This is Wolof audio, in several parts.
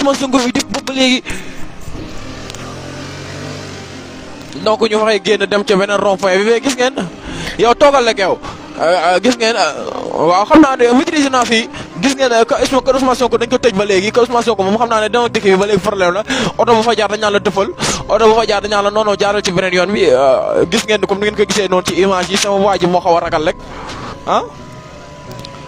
Ousmane Sonko fi di ba léegi donc ñu waxee génn dem ca beneen rond-point bi mais gis ngeen yow toogal la kew euh, euh, gis ngeen euh, waaw xam naa ne maîtrise naa fi gis ngeen ne kër Ousmane Sonko dañ ko tëj ba léegi kër Ousmane Sonko xam naa ne dama dëkk bi ba léegi problème la oto bu fa jaar dañ naan la dëfal oto bu fa jaar dañ naan la noonu jaaral ci beneen yoon bi gis ngeen comme ni ngeen ko gisee noonu ci image yi sama waa ji moo xaw a ragal rek ah.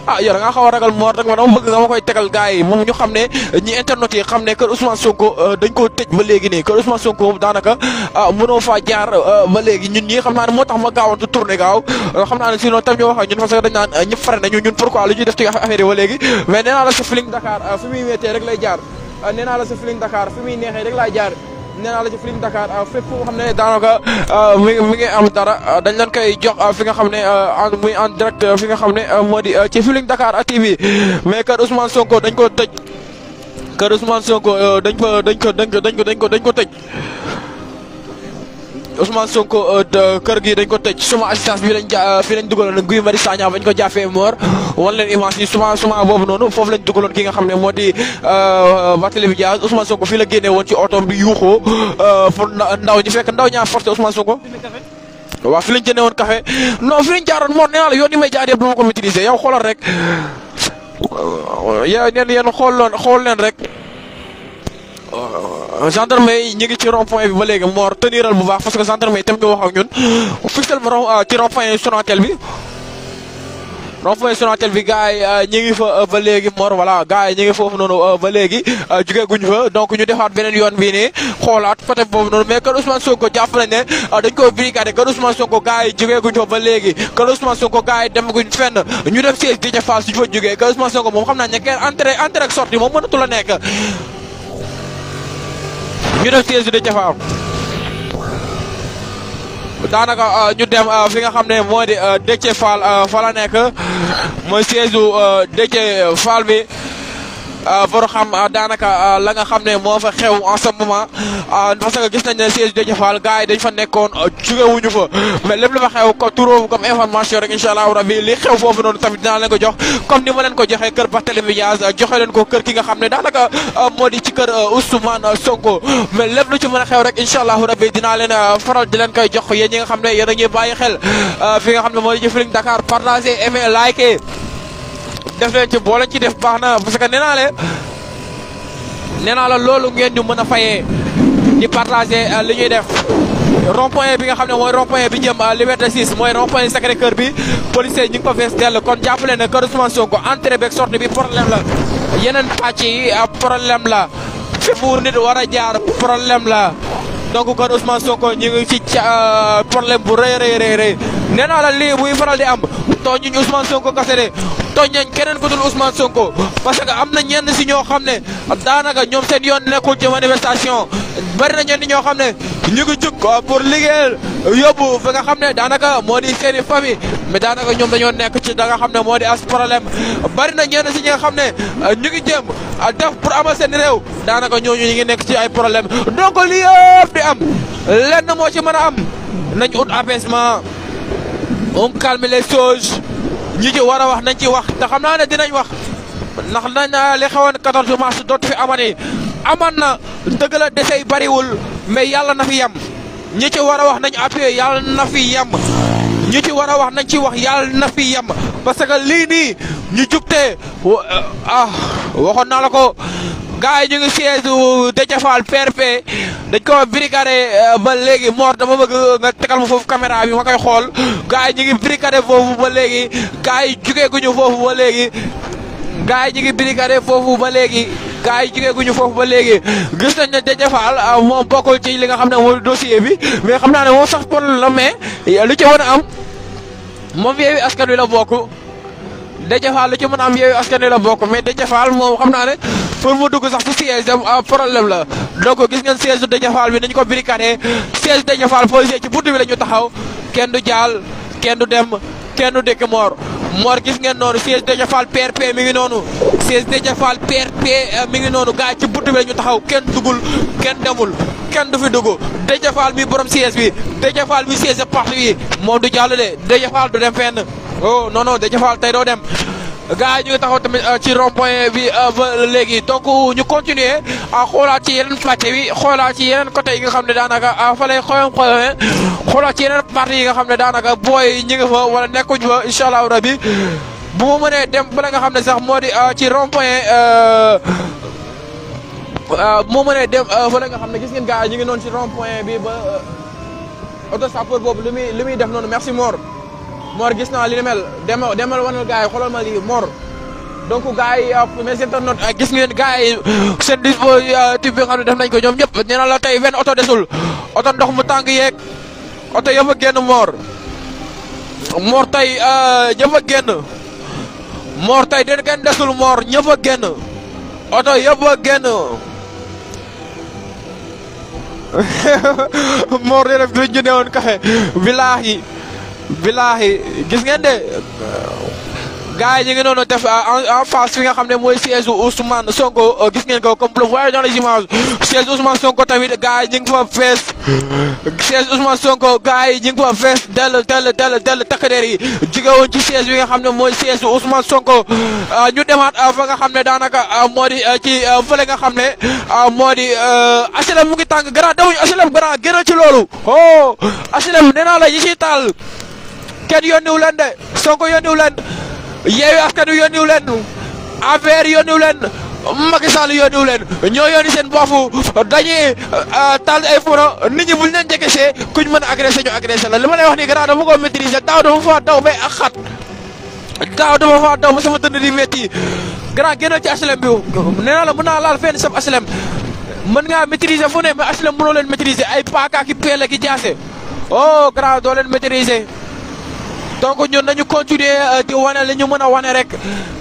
ah yow da ngaa xaw a ragal moor rek ma dama bëgg dama koy tegal gars moom ñu xam ne ñi internet yi xam ne kër Ousmane Sonko euh, dañ koo tëj ba léegi nii kër Ousmane Sonko moom daanaka ah, mënoo faa jaar euh, ba léegi ñun ñii xam naa moo tax ma gaawantu tourné gaaw euh, xam naa ne sinon tam ñu wax ak ñun parce que dañ naan ñëpp fare nañu ñun pourquoi lu ñuy def ci affaire yi ba léegi mais nee la sa Feeling Dakar fi muy rek naa la sa neexee rek laay jaar nee la ci Feeling Dakar ah, fépp foo xam ne daanaka ah, mi mi ngi am dara ah, dañ leen koy jox a fi nga xam ne en muy en direct fi nga xam ne moo di ci Feeling Dakar TV mais kër Ousmane Sonko dañ ko tëj kër Ousmane Sonko dañ ko dañ ko dañ ko dañ ko dañ ko tëj. Ousmane Sonko euh, kër gi dañ ko tëj suma assistance bi lañ ja euh, fi lañ dugaloon Guy Marius Sagna bañ ko jaafee moor wan leen image yi suma suma boobu noonu foofu lañ dugaloon ki nga xam ne moo di euh, Barthélémy Dias Ousmane Sonko fii la génnee woon ci otoom bi yuuxoo pour ndaw ñi fekk ndaw ñaa forcé Ousmane Sonko waaw fi lañ jëndee woon café no fi lañ jaaroon moor nee naa la yoon may jaar yëpp dama ko maîtriser yow xoolal rek yéen yéen xool loon xool leen rek gendarme yi ñu ngi ci rond bi ba léegi Mor tëniral bu baax parce que gendarme yi tam ngi wax ak ñun fixel ma euh, ci Sonatel bi rond point Sonatel bi euh, fa euh, ba léegi Mor voilà gars yi ñu ngi foofu noonu ba léegi jugee guñ fa donc ñu defaat beneen yoon bi nii xoolaat côté boobu noonu mais kër Ousmane Sonko jàpp nañ ne dañ ko brigade kër Ousmane Sonko gars yi jugee guñ fa ba léegi kër Ousmane Sonko gars dem guñ fenn ñu def siège di ca Fass suñu fa jugee kër Ousmane Sonko moom xam naa ne kenn entrée entrée ñu def siège de Jafaam daanaka euh, ñu a euh, fi nga xam ne moo di euh, Déthié Fall fa la nekk mooy siège du Déthié bi Euh, Vorokham euh, daanaka euh, la nga xam ne moo a xew en ce moment parce que gis nañ ne siège Déthié Fall gars yi fa nekkoon jugewuñu fa mais lépp lu fa xew ko turóobu comme information rek incha allah rabi li xew foofu noonu tamit dinaa leen jox comme ni ma leen ko joxee kër Barthélémy Dias joxe leen ko kër ki nga xam ne daanaka moo di ci kër Ousmane Sonko mais lépp lu ci mën a xew rek incha allah rabi dina leen faral di leen koy jox yéen ñi nga xam ne yéen a ngi xel fi nga xam ne moo di ci Feeling Dakar def leen ci boo leen ci def baax na parce que nee naa leen naa la loolu ngeen ñu mën a fayee di partager euh, li ñuy def rond-point bi nga xam ne mooy rond bi jëm euh, Liberté sis mooy rond-point sacré bi policier ñu ko fees dell kon jàppale ne kër Ousmane Sonko entrée beeg sortie bi problème la yeneen pàcc yi euh, problème la fi mu nit war a jaar problème la donc kon Ousmane Sonko ñu ngi ci problème bu rëy rëy rëy rëy la lii buy faral di am tooñuñ Ousmane Sonko kase de tooñ nañ keneen ku dul Ousmane Sonko parce que am na ñenn si ñoo xam ne daanaka ñoom seen yoon nekkul ci manifestation bari na ñenn ñoo xam ne ñu ngi jug pour liggéeyal yóbbu fi nga xam ne daanaka moo di seen i famille daanaka ñoom dañoo nekk ci da nga xam ne moo di as problème bari na ñenn si ñi nga xam ne euh, ñu ngi jéem euh, def pour amal seen réew daanaka ñooñu ñu ngi nekk ci ay problème donc li yëpp di am lenn moo ci mën a am nañ ut apaisement on calme les choses. ñi ci war a wax nañ ci wax te xam naa ne dinañ wax ndax nañ naa li xewoon 14 mars dootu fi amani aman na dëgg la dese yi bariwul mais yàlla na fi yem ñi ci war a wax nañ appuyé yàlla na fi yem ñi ci war a wax nañ ci wax yàlla na fi yem parce que lii nii ñu jugtee ah waxoon naa la ko gars yi ñu ngi siège Déthié Fall PRP dañ ko brigade euh, ba léegi Mor dama bëgg nga tegal ma foofu caméra bi ma koy xool gars yi ñu ngi brigade foofu ba léegi gars yi jugee guñu foofu ba léegi gars yi ñu ngi brigade foofu ba léegi gars yi jugee guñu foofu ba léegi gis nañ ne Déthié Fall euh, moom bokkul ci li nga xam ne mooy dossier bi mais xam naa ne moom sax problème la mais lu ci mën a am moom Yewwi Askan Wi la bokk Déthié Fall lu ci mën a am Yewwi Askan Wi la bokk mais Déthié Fall moom xam naa ne pour mu dugg sax si siège am ah, problème la donc gis ngeen siège Déthié Fall bi nañu ko barricadé siège Déthié Fall policier ci bunt bi la ñu taxaw kenn du jaal kenn du dem kenn du dëkk Mor Mor gis ngeen noonu siège Déthié Fall PRP mi ngi noonu siège Déthié Fall PRP eh, mi ngi noonu gars ci bunt bi la ñu taxaw kenn dugul kenn demul kenn du fi dugg Déthié Fall mi borom siège bi Déthié Fall mi siège parti moom du jàll de Déthié Fall du dem fenn oh non non Déthié tey doo dem. gaa yi ñu ngi taxaw tamit euh, ci rond point bi euh, ba léegi donc ñu continuer euh, xoolaat ci yeneen pàcc bi xoolaat ci yeneen côté yi nga xam ne daanaka fa lay xoyom xoyome xoolaat ci yeneen parti yi nga xam ne daanaka booy ñi fa wala nekkuñ fa incha allahu rabi bu ma mënee dem bala nga xam ne sax moo di ci rond point moo mënee dem fële nga xam ne gis ngeen gaa ñu ngi noonu ci rond point bi ba auto sapeur boobu li muy li muy def noonu merci Mor. Mor gis naa li mel demal demal wanal gars ma lii Mor donc gars yi ah, ah, gis ngeen gars yi seen dispositif bi nga xam ne def nañ ko ñoom ñëpp nee la tey wenn oto desul oto ndox mu tàng yeeg oto yëpp a génn Mor Mor tey ah, ñëpp a génn tey den kenn desul Mor ñëpp a génn oto yëpp a génn Mor def du ñu newoon kafe bilaahi billaahi gis ngeen de gars yi ñu noonu def en face fi nga xam ne mooy siège Ousmane Sonko gis ngeen ko comme vous le voyez dans les images siège Sonko tamit gars yi ñu ngi fa fees siège Ousmane Sonko gars yi ñu ngi fa fees dell dell dell dell takk der yi jigéewuñ ci siège bi nga xam ne mooy siège Ousmane Sonko ñu demaat euh, fa nga xam ne daanaka euh, moo di euh, ci fële nga xam ne moo di HLM mu ngi tàng grand dawuñ HLM grand génn ci loolu oh HLM nee naa la yi ciy kenn yónniwu leen de Sonko yónniwu leen Yewwi Askan Wi yónniwu leen APR yónniwu leen Macky Sall leen ñoo yónni boofu dañuy euh, euh, taal ay fourneaux nit ñi buñ leen jegesee kuñ mën a agressé ñu la li wax nii grand dafa ko maîtriser daaw dafa faa daw bay ak daaw dafa faa daw ba sama dënd di métti grand aslem bi nee naa la mën naa laal fenn sab aslem mën ngaa maîtriser fu ne mais aslem mënoo leen maîtriser ay paaka ki peel ki jaase oh grand donc ñun nañu continuer euh, di wane li ñu mën a wane rek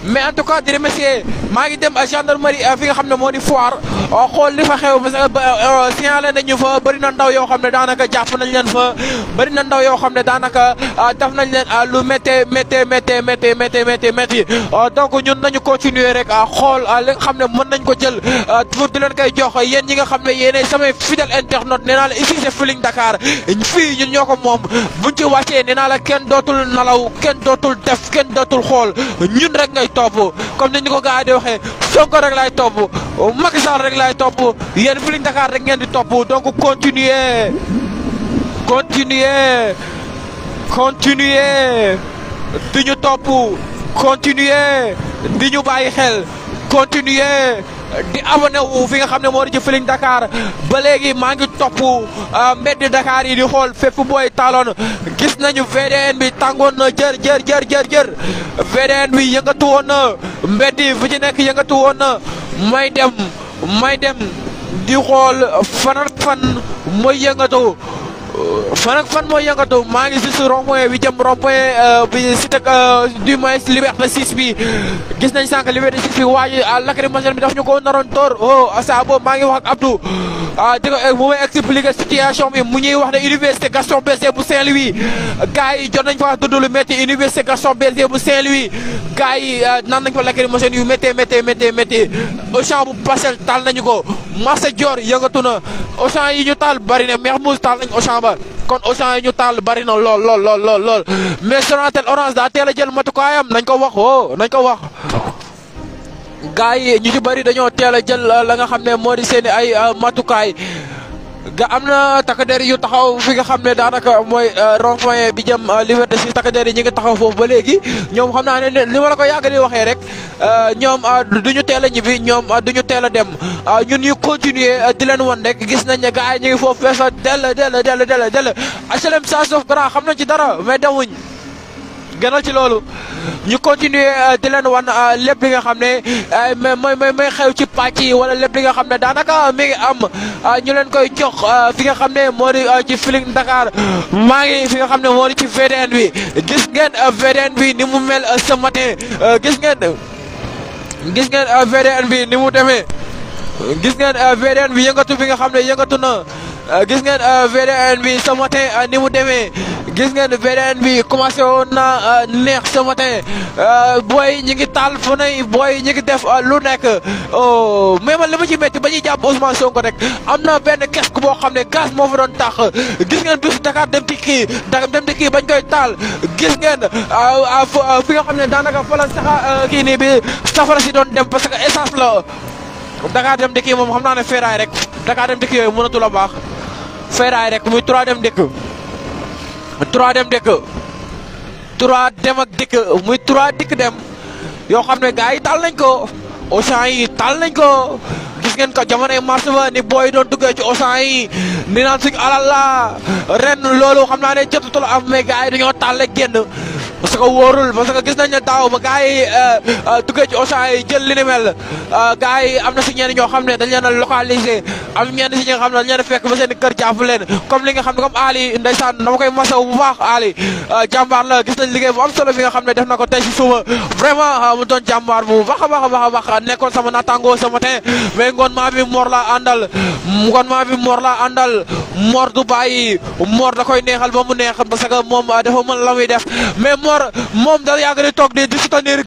mais en tout cas di remercier maa ngi dem a gendarmerie euh, fi nga xam ne moo di foir Oh, xool li fa xew parce que euh, euh, signalé nañu fa bari na ndaw yoo xam ne daanaka jàpp nañ leen fa bari na ndaw yoo xam ne daanaka euh, daf nañ leen lu méttee méttee méttee méttee méttee méttee métti donc ñun nañu continuer rek xool li nga xam ne mën nañ ko jël pour di leen koy jox yéen ñi nga xam ne yéenay samay fidèle internaute nee naa la ici c'est Feeling Dakar fii ñun ñoo ko moom buñ ci wàccee nee naa la kenn dootul nalaw kenn dootul def kenn dootul xool ñun rek ngay topp comme ni ñu ko gaa yi waxee Sonko rek lay topp laay topp yéen Feeling Dakar rek ngeen di topp donc continuer continuer continuer di ñu topp continuer di ñu bàyyi xel continuer di abonné wu fi nga xam ne moo di ci dakaar ba léegi maa ngi topp euh, mbedd dakaar yi di xool fépp booy taaloon gis nañu VDN bi tàngoon na jër jër jër jër jër VDN bi yëngatu woon na mbedd yi fi ci nekk yëngatu woon na may dem. may dem di xool fan fan mooy yëngatoo fan ak fan mooy yëngatu maa ngi juste rond-point bi jëm rond-point euh, bi cité euh, du moins liberté 6 bi gis nañ sànq liberté 6 bi waa ji ah, lacrymogène bi daf ñu ko naroon door oh saa maa ngi wax ak Abdou ah di ko euh, mu may situation bi mu ñuy wax ne université Gaston Berger bu Saint-Louis gars yi jot nañ fa dund lu métti université Gaston Berger bu Saint-Louis gars yi nan nañ fa lacrymogène yu méttee méttee méttee méttee Auchan bu Parcelles taal nañu ko marché na Auchan yi ñu taal bari kon Auchan yi ñu taal bari na lool lool lool lool lool mais Sonatel Orange daa teel a jël matukaayam nañ ko wax oo nañ ko wax. gars yi ñu ci bari dañoo teel a jël la nga xam ne moo di seen ay euh, matukaay. ga am na takk der yu taxaw fi nga xam ne daanaka mooy euh, rond-point bi jëm euh, Liberté si takk der yi ñu ngi taxaw foofu ba léegi ñoom xam naa ne li ma la ko yàgg di waxee rek euh, ñoom du ñu teel a ñibbi ñoom du ñu teel a dem ñun ñu continuer di leen wan rek gis nañ ne gars yi ñu ngi foofu fees a dell dell dell dell dell HLM Saa Sof Grand xam nañ ci dara mais demuñ gënal ci loolu ñu continuer euh, di leen wan euh, lépp li nga xam ne euh, mooy mooy mooy xew ci pàcc yi wala lépp li nga xam ne daanaka mi ngi am ñu leen koy jox fi nga xam ne moo di ci Feeling Dakar maa ngi fi nga xam ne moo di ci VDN bi gis ngeen VDN bi ni mu mel ce matin gis ngeen gis ngeen VDN bi ni mu demee gis ngeen VDN bi yëngatu bi nga xam ne yëngatu na gis ngeen VDN bi ce matin ni mu demee gis ngeen beneen bi commencé woon na euh, neex ce matin euh, booy ñi ngi taal fu ne booy ñi ngi def euh, lu nekk oh, mais man li ma ci métti ba ñuy jàpp Ousmane Sonko rek am na benn kesk boo xam ne gaz moo fa doon tax gis ngeen bis Dakar dem ci kii kii bañ koy taal gis ngeen fi nga xam ne daanaka fa la sax kii nii bi safara si doon dem parce que essence la Dakar dem dikk moom xam naa ne feeraay rek Dakar dem dikk yooyu mënatu la baax feeraay rek muy trois dem dikk trois dem dëkk trois dem ak dikk muy trois dikk dem yoo xam ne gars yi taal nañ ko Auchan yi taal nañ ko gis ngeen ko jamonoy mars ba ni booy doon duggee ci Auchan yi ni naan suñu alal la ren loolu xam naa ne jotutul am mais gars yi dañoo taal la génn parce que wóorul parce que gis nañ ne daaw ba gars yi euh, euh, duggee jël li ni euh, am na si ñenn ñoo xam ne dañ leen a localisé am ñenn si ñi nga xam ne dañ leen a ba seen kër jàpp leen comme li nga xam ne comme Ali ndeysaan dama koy masaw bu baax Ali jàmbaar la gis nañ liggéey bu am solo bi nga xam ne def na ko tey si suba vraiment mu doon jàmbaar bu baax a baax a baax a baax nekkoon sama nattangoo sama matin mais ngoon maa bi Mor laa àndal ngoon maa bi Mor laa àndal Mor du bàyyi Mor da koy neexal ba mu neexal parce moom dafa mën la muy def Senghor moom da yàgg di toog di di soutenir